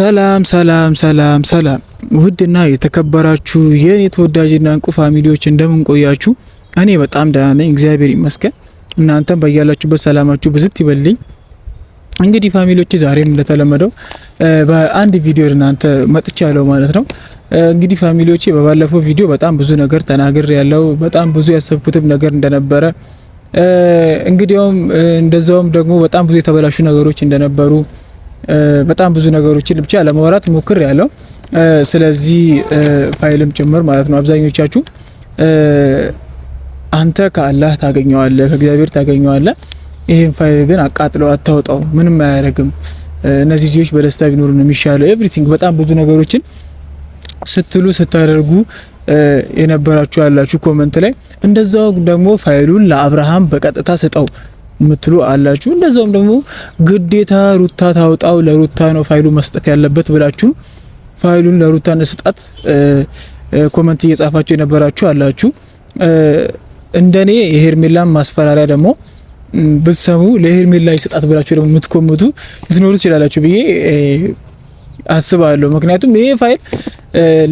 ሰላም ሰላም ሰላም ሰላም ውድና የተከበራችሁ የእኔ ተወዳጅና እንቁ ፋሚሊዎች እንደምን ቆያችሁ? እኔ በጣም ደህና ነኝ፣ እግዚአብሔር ይመስገን። እናንተም በያላችሁበት ሰላማችሁ ብዝት ይበልኝ። እንግዲህ ፋሚሊዎች ዛሬም እንደተለመደው በአንድ ቪዲዮ እናንተ መጥቻለሁ ማለት ነው። እንግዲህ ፋሚሊዎች በባለፈው ቪዲዮ በጣም ብዙ ነገር ተናግር ያለው በጣም ብዙ ያሰብኩትም ነገር እንደነበረ እንግዲያውም እንደዛውም ደግሞ በጣም ብዙ የተበላሹ ነገሮች እንደነበሩ በጣም ብዙ ነገሮችን ብቻ ለማውራት ሞክር ያለው ስለዚህ ፋይልም ጭምር ማለት ነው። አብዛኞቻችሁ አንተ ከአላህ ታገኘዋለህ፣ ከእግዚአብሔር ታገኘዋለህ። ይህን ፋይል ግን አቃጥለው አታወጣው፣ ምንም አያደርግም። እነዚህ ልጆች በደስታ ቢኖሩ ነው የሚሻለው። ኤቭሪቲንግ በጣም ብዙ ነገሮችን ስትሉ ስታደርጉ የነበራችሁ ያላችሁ ኮመንት ላይ እንደዛው ደግሞ ፋይሉን ለአብርሃም በቀጥታ ስጠው የምትሉ አላችሁ። እንደዛውም ደግሞ ግዴታ ሩታ ታውጣው ለሩታ ነው ፋይሉ መስጠት ያለበት ብላችሁም ፋይሉን ለሩታ ንስጣት ኮመንት እየጻፋችሁ የነበራችሁ አላችሁ። እንደኔ የሄርሜላን ማስፈራሪያ ደግሞ ብትሰሙ ለሄርሜላ ይሰጣት ብላችሁ ደግሞ የምትኮምቱ ልትኖሩ ትችላላችሁ ብዬ አስባለሁ። ምክንያቱም ይሄ ፋይል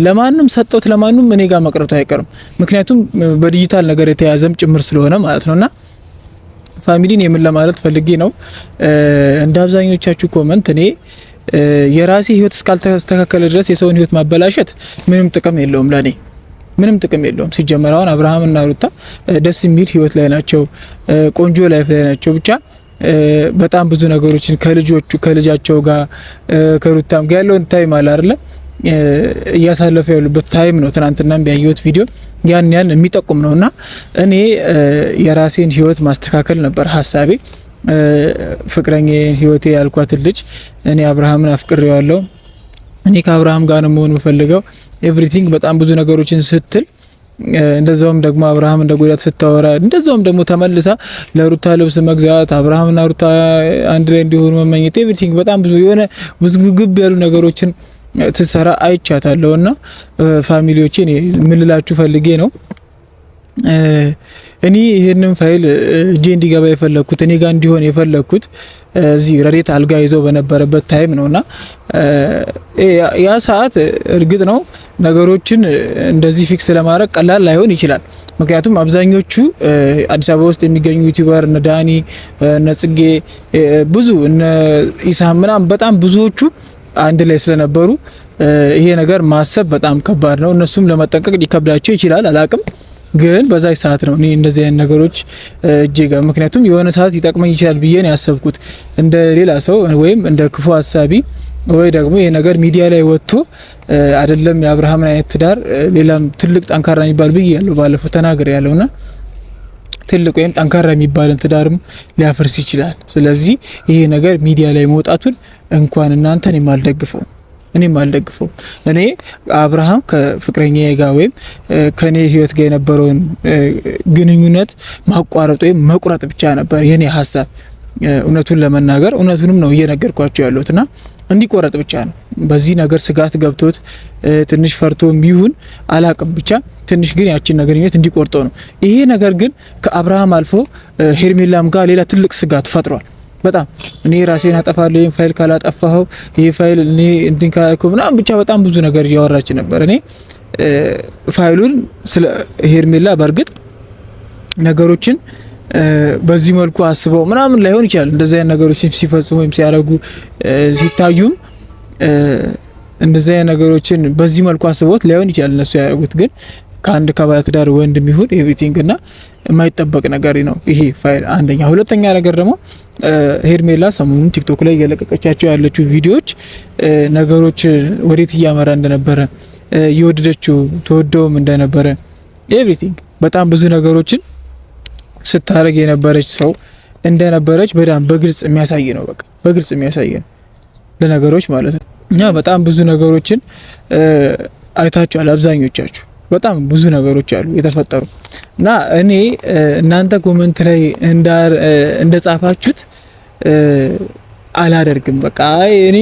ለማንም ሰጠውት ለማንም እኔ ጋር መቅረቱ አይቀርም። ምክንያቱም በዲጂታል ነገር የተያዘም ጭምር ስለሆነ ማለት ነውና ፋሚሊን የምን ለማለት ፈልጌ ነው፣ እንደ አብዛኞቻችሁ ኮመንት እኔ የራሴ ህይወት እስካልተስተካከለ ድረስ የሰውን ህይወት ማበላሸት ምንም ጥቅም የለውም ለኔ ምንም ጥቅም የለውም። ሲጀመር አሁን አብርሃም እና ሩታ ደስ የሚል ህይወት ላይ ናቸው፣ ቆንጆ ላይፍ ላይ ናቸው። ብቻ በጣም ብዙ ነገሮችን ከልጆቹ ከልጃቸው ጋር ከሩታም ጋር ያለውን ታይም አለ አይደለ እያሳለፈ ያሉበት ታይም ነው። ትናንትናም ያየሁት ቪዲዮ ያን ያን የሚጠቁም ነውና እኔ የራሴን ህይወት ማስተካከል ነበር ሀሳቤ። ፍቅረኛዬን ህይወቴ ያልኳትን ልጅ እኔ አብርሃምን አፍቅሬዋለሁ። እኔ ከአብርሃም ጋር ነው መሆን የምፈልገው ኤቭሪቲንግ በጣም ብዙ ነገሮችን ስትል እንደዛውም ደግሞ አብርሃም እንደ ጎዳት ስታወራ እንደዛውም ደግሞ ተመልሳ ለሩታ ልብስ መግዛት አብርሃምና ሩታ አንድ ላይ እንዲሆኑ መመኘት ኤቭሪቲንግ በጣም ብዙ የሆነ ውዝግብ ያሉ ነገሮችን ትሰራ አይቻታለሁ። እና ፋሚሊዎቼ ምልላችሁ ፈልጌ ነው እኔ ይህንን ፋይል እጄ እንዲገባ የፈለግኩት እኔ ጋር እንዲሆን የፈለግኩት እዚህ ረዴት አልጋ ይዘው በነበረበት ታይም ነው እና ያ ሰዓት እርግጥ ነው ነገሮችን እንደዚህ ፊክስ ለማድረግ ቀላል ላይሆን ይችላል። ምክንያቱም አብዛኞቹ አዲስ አበባ ውስጥ የሚገኙ ዩቲዩበር እነ ዳኒ፣ እነ ጽጌ፣ ብዙ እነ ኢሳም ምናምን በጣም ብዙዎቹ አንድ ላይ ስለነበሩ ይሄ ነገር ማሰብ በጣም ከባድ ነው። እነሱም ለመጠንቀቅ ሊከብዳቸው ይችላል፣ አላቅም ግን በዛ ሰዓት ነው እኔ እንደዚህ አይነት ነገሮች እጅግ ምክንያቱም የሆነ ሰዓት ይጠቅመኝ ይችላል ብዬ ነው ያሰብኩት። እንደ ሌላ ሰው ወይም እንደ ክፉ ሀሳቢ ወይ ደግሞ ይሄ ነገር ሚዲያ ላይ ወጥቶ አይደለም የአብርሃምን አይነት ትዳር ሌላም ትልቅ ጠንካራ የሚባል ብዬ ያለው ባለፈው ተናግሬ ያለውና ትልቅ ወይም ጠንካራ የሚባልን ትዳርም ሊያፈርስ ይችላል። ስለዚህ ይሄ ነገር ሚዲያ ላይ መውጣቱን እንኳን እናንተን የማልደግፈው እኔም አልደግፈው። እኔ አብርሃም ከፍቅረኛ ጋር ወይም ከኔ ህይወት ጋር የነበረውን ግንኙነት ማቋረጥ ወይም መቁረጥ ብቻ ነበር የኔ ሀሳብ። እውነቱን ለመናገር እውነቱንም ነው እየነገርኳቸው ያለሁት እና እንዲቆረጥ ብቻ ነው። በዚህ ነገር ስጋት ገብቶት ትንሽ ፈርቶም ይሁን አላቅም ብቻ ትንሽ ግን ያችን ግንኙነት እንዲቆርጠው ነው። ይሄ ነገር ግን ከአብርሃም አልፎ ሄርሜላም ጋር ሌላ ትልቅ ስጋት ፈጥሯል። በጣም እኔ ራሴን አጠፋለሁ፣ ይህን ፋይል ካላጠፋኸው፣ ይህ ፋይል እኔ እንትን ካላልኩ ምናምን፣ ብቻ በጣም ብዙ ነገር እያወራች ነበር። እኔ ፋይሉን ስለ ሄርሜላ በእርግጥ ነገሮችን በዚህ መልኩ አስበው ምናምን ላይሆን ይችላል። እንደዚህ አይነት ነገሮች ሲፈጽሙ ወይም ሲያደርጉ ሲታዩም እንደዚህ አይነት ነገሮችን በዚህ መልኩ አስበውት ላይሆን ይችላል። እነሱ ያደርጉት ግን ከአንድ ከባለትዳር ወንድ የሚሆን ኤቭሪቲንግ እና የማይጠበቅ ነገር ነው ይሄ ፋይል። አንደኛ ሁለተኛ ነገር ደግሞ ሄርሜላ ሰሞኑን ቲክቶክ ላይ እየለቀቀቻቸው ያለችው ቪዲዮዎች ነገሮች ወዴት እያመራ እንደነበረ እየወደደችው ተወደውም እንደነበረ ኤቭሪቲንግ በጣም ብዙ ነገሮችን ስታደርግ የነበረች ሰው እንደነበረች በጣም በግልጽ የሚያሳይ ነው። በቃ በግልጽ የሚያሳይ ነው ለነገሮች ማለት ነው። እኛ በጣም ብዙ ነገሮችን አይታችኋል አብዛኞቻችሁ በጣም ብዙ ነገሮች አሉ የተፈጠሩ እና እኔ እናንተ ኮመንት ላይ እንደጻፋችሁት አላደርግም። በቃ እኔ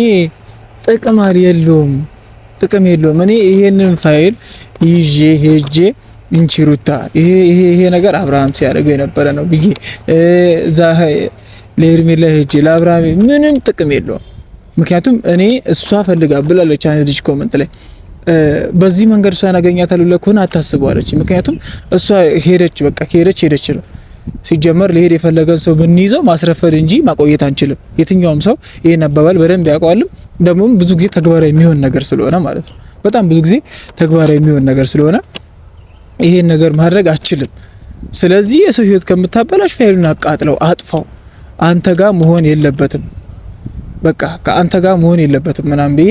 ጥቅም የለውም ጥቅም የለውም። እኔ ይሄንን ፋይል ይዤ ሄጄ እንቺሩታ ይሄ ይሄ ነገር አብርሃም ሲያደርገው የነበረ ነው ብዬ እዛ ለኤርሜላ ሄጄ ለአብርሃም ምንም ጥቅም የለውም። ምክንያቱም እኔ እሷ ፈልጋ ብላለች አንድ ልጅ ኮመንት ላይ በዚህ መንገድ እሷን አገኛታለሁ ብለህ ከሆነ አታስበው አለች። ምክንያቱም እሷ ሄደች፣ በቃ ከሄደች ሄደች ነው። ሲጀመር ሊሄድ የፈለገን ሰው ብንይዘው ማስረፈድ እንጂ ማቆየት አንችልም። የትኛውም ሰው ይህን አባባል በደንብ ያውቀዋልም። ደግሞም ብዙ ጊዜ ተግባራዊ የሚሆን ነገር ስለሆነ ማለት ነው። በጣም ብዙ ጊዜ ተግባራዊ የሚሆን ነገር ስለሆነ ይሄን ነገር ማድረግ አችልም። ስለዚህ የሰው ህይወት ከምታበላሽ ፋይሉን አቃጥለው አጥፋው። አንተ ጋር መሆን የለበትም በቃ ከአንተ ጋር መሆን የለበትም ምናምን ብዬ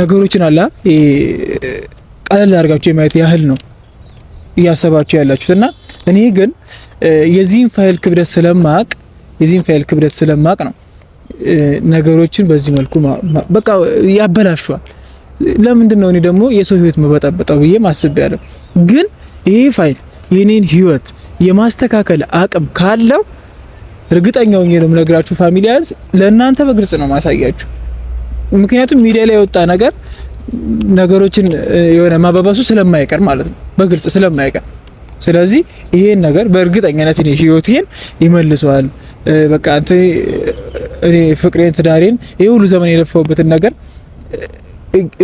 ነገሮችን አለ ቀለል አድርጋችሁ የማየት ያህል ነው እያሰባችሁ ያላችሁት እና እኔ ግን የዚህን ፋይል ክብደት ስለማቅ የዚህን ፋይል ክብደት ስለማቅ ነው ነገሮችን በዚህ መልኩ በቃ ያበላሸዋል። ለምንድን ነው እኔ ደግሞ የሰው ህይወት መበጠበጠው ብዬ ማስብ ያለው ግን ይሄ ፋይል የኔን ህይወት የማስተካከል አቅም ካለው እርግጠኛው ነው የምነግራችሁ ፋሚሊያዝ ለእናንተ በግልጽ ነው ማሳያችሁ። ምክንያቱም ሚዲያ ላይ የወጣ ነገር ነገሮችን የሆነ ማባባሱ ስለማይቀር ማለት ነው፣ በግልጽ ስለማይቀር። ስለዚህ ይሄን ነገር በእርግጠኝነት እኔ ህይወቴን ይመልሰዋል። በቃ አንተ እኔ ፍቅሬን፣ ትዳሬን ይሄ ሁሉ ዘመን የለፈውበትን ነገር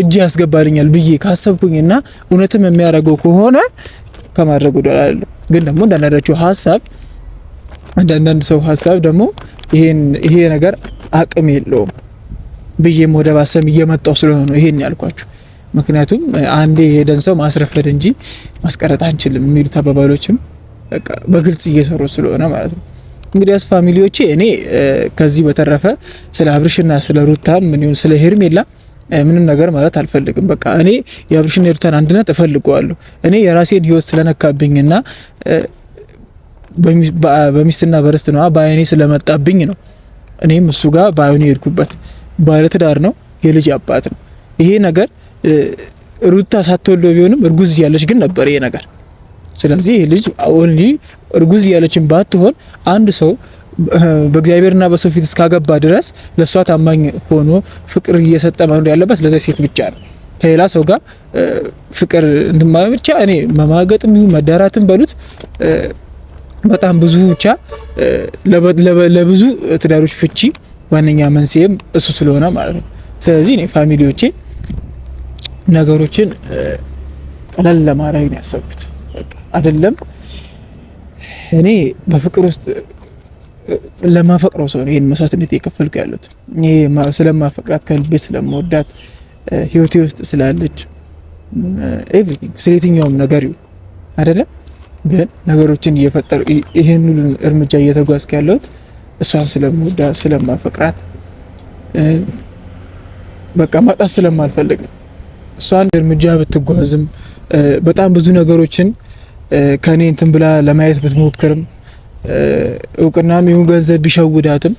እጅ ያስገባልኛል ብዬ ካሰብኩኝና እውነትም የሚያደርገው ከሆነ ከማድረጉ ወደ ግን ደግሞ እንዳንዳቸው ሀሳብ እንዳንዳንድ ሰው ሀሳብ ደግሞ ይሄ ነገር አቅም የለውም ብዬም ወደ ባሰም እየመጣው ስለሆነ ነው ይሄን ያልኳችሁ። ምክንያቱም አንዴ የሄደን ሰው ማስረፈድ እንጂ ማስቀረጥ አንችልም የሚሉት አባባሎችም በግልጽ እየሰሩ ስለሆነ ማለት ነው። እንግዲያስ ፋሚሊዎቼ እኔ ከዚህ በተረፈ ስለ አብርሽና ስለ ሩታ ምን ይሁን ስለ ሄርሜላ ምንም ነገር ማለት አልፈልግም። በቃ እኔ የአብርሽና የሩታን አንድነት እፈልገዋለሁ። እኔ የራሴን ህይወት ስለነካብኝና በሚስትና በርስት ነዋ በአይኔ ስለመጣብኝ ነው እኔም እሱ ጋር በአይኔ ሄድኩበት። ባለትዳር ነው፣ የልጅ አባት ነው። ይሄ ነገር ሩታ ሳትወልዶ ቢሆንም እርጉዝ እያለች ግን ነበር ይሄ ነገር። ስለዚህ ይህ ልጅ ኦንሊ እርጉዝ እያለችን ባትሆን አንድ ሰው በእግዚአብሔርና በሰው ፊት እስካገባ ድረስ ለእሷ ታማኝ ሆኖ ፍቅር እየሰጠ መኖር ያለበት ለዛ ሴት ብቻ ነው። ከሌላ ሰው ጋር ፍቅር እንድማ ብቻ እኔ መማገጥም ይሁን መዳራትም በሉት በጣም ብዙ ብቻ ለብዙ ትዳሮች ፍቺ ዋነኛ መንስኤም እሱ ስለሆነ ማለት ነው። ስለዚህ እኔ ፋሚሊዎቼ ነገሮችን ቀለል ለማድረግ ነው ያሰቡት። አይደለም እኔ በፍቅር ውስጥ ለማፈቅረው ሰው ነው ይህን መስዋዕትነት የከፈልኩ ያሉት። ይሄ ስለማፈቅራት ከልቤ ስለመወዳት ህይወቴ ውስጥ ስላለች ኤቭሪቲንግ ስለየትኛውም ነገር ይሁን አይደለም ግን ነገሮችን እየፈጠሩ ይህን ሁሉን እርምጃ እየተጓዝኩ ያለሁት እሷን ስለምወዳ ስለማፈቅራት በቃ ማጣት ስለማልፈልግ እሷን እርምጃ ብትጓዝም በጣም ብዙ ነገሮችን ከኔ እንትን ብላ ለማየት ብትሞክርም እውቅናም ይሁን ገንዘብ ቢሸውዳትም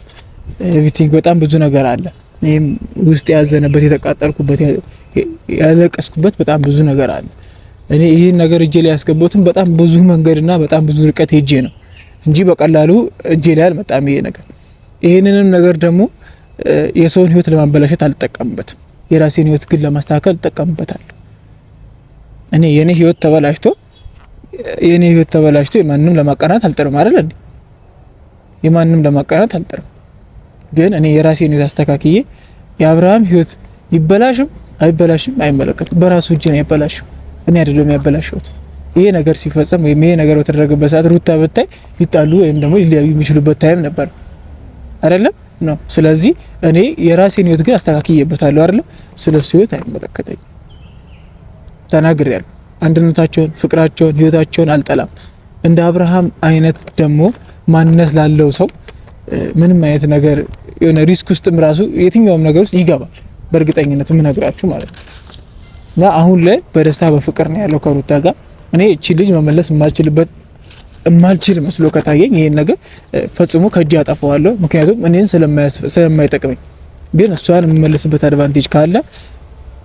ኤቭሪቲንግ በጣም ብዙ ነገር አለ። ይህም ውስጥ ያዘነበት የተቃጠልኩበት ያለቀስኩበት በጣም ብዙ ነገር አለ። እኔ ይህን ነገር እጄ ላይ በጣም ብዙ መንገድና በጣም ብዙ ርቀት ሄጄ ነው። እንጂ በቀላሉ እጄ ላይ አልመጣም ይሄ ነገር። ይህንንም ነገር ደግሞ የሰውን ህይወት ለማበላሸት አልጠቀምበትም። የራሴን ህይወት ግን ለማስተካከል እጠቀምበታለሁ። እኔ የኔ ህይወት ተበላሽቶ የኔ ህይወት ተበላሽቶ የማንም ለማቀናት አልጥርም አይደል እንዴ? የማንም ለማቀናት አልጥርም። ግን እኔ የራሴን ህይወት አስተካክዬ የአብርሃም ህይወት ይበላሽም አይበላሽም አይመለከትም። በራሱ እጅ ነው ያበላሽው፣ እኔ አይደለም ያበላሸሁት። ይሄ ነገር ሲፈጸም ወይም ይሄ ነገር በተደረገበት ሰዓት ሩታ ብታይ ሊጣሉ ወይም ደግሞ ሊለያዩ የሚችሉበት ታይም ነበር አይደለም ነው። ስለዚህ እኔ የራሴን ህይወት ግን አስተካክዬበታለሁ አይደለ። ስለ ህይወት አይመለከተኝ ተናግሬያለሁ። አንድነታቸውን፣ ፍቅራቸውን፣ ህይወታቸውን አልጠላም። እንደ አብርሃም አይነት ደግሞ ማንነት ላለው ሰው ምንም አይነት ነገር የሆነ ሪስክ ውስጥም ራሱ የትኛውም ነገር ውስጥ ይገባል በእርግጠኝነት የምነግራችሁ ማለት ነው። እና አሁን ላይ በደስታ በፍቅር ነው ያለው ከሩታ ጋር እኔ እቺ ልጅ መመለስ የማልችልበት የማልችል መስሎ ከታየኝ ይሄን ነገር ፈጽሞ ከእጅ አጠፋዋለሁ። ምክንያቱም እኔን ስለማይጠቅመኝ። ግን እሷን የምመልስበት አድቫንቴጅ ካለ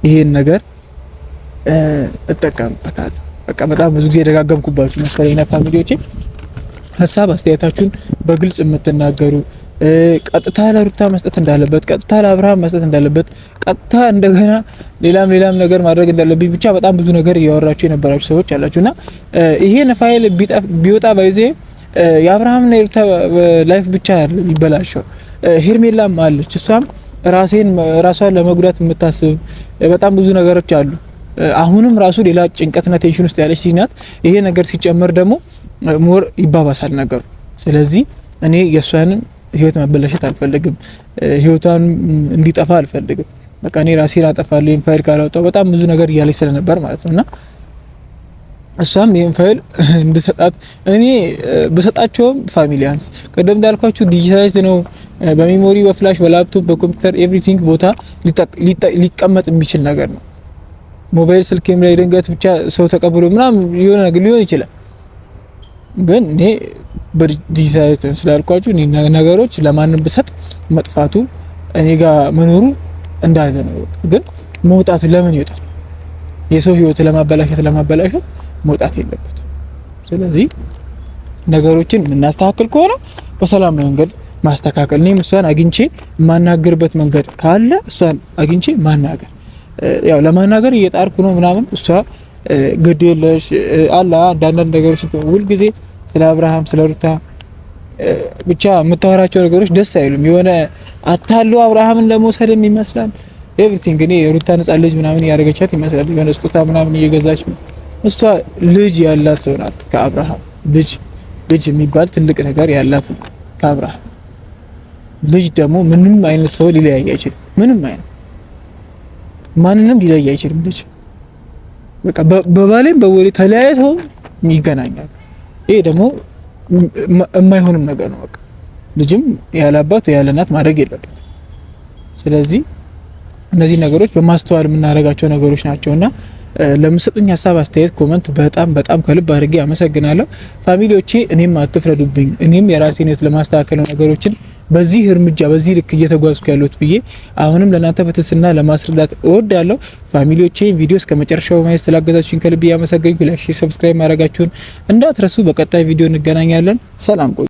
ይሄን ነገር እጠቀምበታለሁ። በቃ በጣም ብዙ ጊዜ ደጋገምኩባችሁ መሰለኝ ና ፋሚሊዎቼ ሀሳብ አስተያየታችሁን በግልጽ የምትናገሩ ቀጥታ ለሩታ መስጠት እንዳለበት፣ ቀጥታ ለአብርሃም መስጠት እንዳለበት፣ ቀጥታ እንደገና ሌላም ሌላም ነገር ማድረግ እንዳለብኝ ብቻ በጣም ብዙ ነገር እያወራችሁ የነበራችሁ ሰዎች አላችሁና ይሄን ፋይል ቢወጣ ባይዜ የአብርሃምና የሩታ ላይፍ ብቻ አይደለም የሚበላሸው። ሄርሜላም አለች እሷም ራሴን ራሷን ለመጉዳት የምታስብ በጣም ብዙ ነገሮች አሉ። አሁንም ራሱ ሌላ ጭንቀትና ቴንሽን ውስጥ ያለች ናት። ይሄ ነገር ሲጨመር ደግሞ ሞር ይባባሳል ነገሩ። ስለዚህ እኔ የእሷንም ህይወት መበለሸት አልፈልግም። ህይወቷን እንዲጠፋ አልፈልግም። በቃ እኔ ራሴ ላጠፋለሁ ይህን ፋይል ካላወጣው በጣም ብዙ ነገር እያለች ስለነበር ማለት ነው እና እሷም ይህን ፋይል እንድሰጣት እኔ በሰጣቸውም ፋሚሊያንስ ቅድም እንዳልኳችሁ ዲጂታላይዝድ ነው። በሜሞሪ በፍላሽ በላፕቶፕ በኮምፒውተር ኤቭሪቲንግ ቦታ ሊቀመጥ የሚችል ነገር ነው። ሞባይል ስልክም ላይ ድንገት ብቻ ሰው ተቀብሎ ምናምን የሆነ ነገር ሊሆን ይችላል። ግን እኔ በዲሳይት ስላልኳችሁ እኔ ነገሮች ለማንም ብሰጥ መጥፋቱ እኔ ጋር መኖሩ እንዳለ ነው። ግን መውጣቱ ለምን ይወጣል? የሰው ህይወት ለማበላሸት ለማበላሸት መውጣት የለበት። ስለዚህ ነገሮችን የምናስተካክል ከሆነ በሰላም መንገድ ማስተካከል እኔም እሷን አግኝቼ የማናገርበት መንገድ ካለ እሷን አግኝቼ ማናገር ያው ለማናገር እየጣርኩ ነው ምናምን እሷ ግድ የለሽ አላ አንዳንዳንድ ነገሮች ሁልጊዜ ስለ አብርሃም ስለ ሩታ ብቻ የምታወራቸው ነገሮች ደስ አይሉም። የሆነ አታሉ አብርሃምን ለመውሰድም ይመስላል ኤቭሪቲንግ። እኔ ሩታ ነጻ ልጅ ምናምን ያደረገቻት ይመስላል። የሆነ ስጦታ ምናምን እየገዛች እሷ ልጅ ያላት ሰው ናት ከአብርሃም ልጅ ልጅ የሚባል ትልቅ ነገር ያላት ከአብርሃም ልጅ ደግሞ ምንም አይነት ሰው ሊለያይ አይችልም። ምንም አይነት ማንንም ሊለያይ አይችልም ልጅ በቃ በባሌም በወሌ ሰው ይገናኛሉ። ይሄ ደግሞ የማይሆንም ነገር ነው። በቃ ልጅም ያለ አባት ያለ እናት ማድረግ የለበት። ስለዚህ እነዚህ ነገሮች በማስተዋል የምናደርጋቸው ነገሮች ናቸውና ለምሰጡኝ ሀሳብ፣ አስተያየት፣ ኮመንት በጣም በጣም ከልብ አድርጌ አመሰግናለሁ። ፋሚሊዎቼ እኔም አትፍረዱብኝ። እኔም የራሴን ህይወት ለማስተካከል ነገሮችን በዚህ እርምጃ በዚህ ልክ እየተጓዝኩ ያሉት ብዬ አሁንም ለእናንተ በትህትና ለማስረዳት እወዳለሁ። ፋሚሊዎቼ ቪዲዮ እስከ መጨረሻው ማየት ስላገዛችሁኝ ከልብ እያመሰገንኩ ላይክ፣ ሰብስክራይብ ማድረጋችሁን እንዳትረሱ። በቀጣይ ቪዲዮ እንገናኛለን። ሰላም ቆዩ።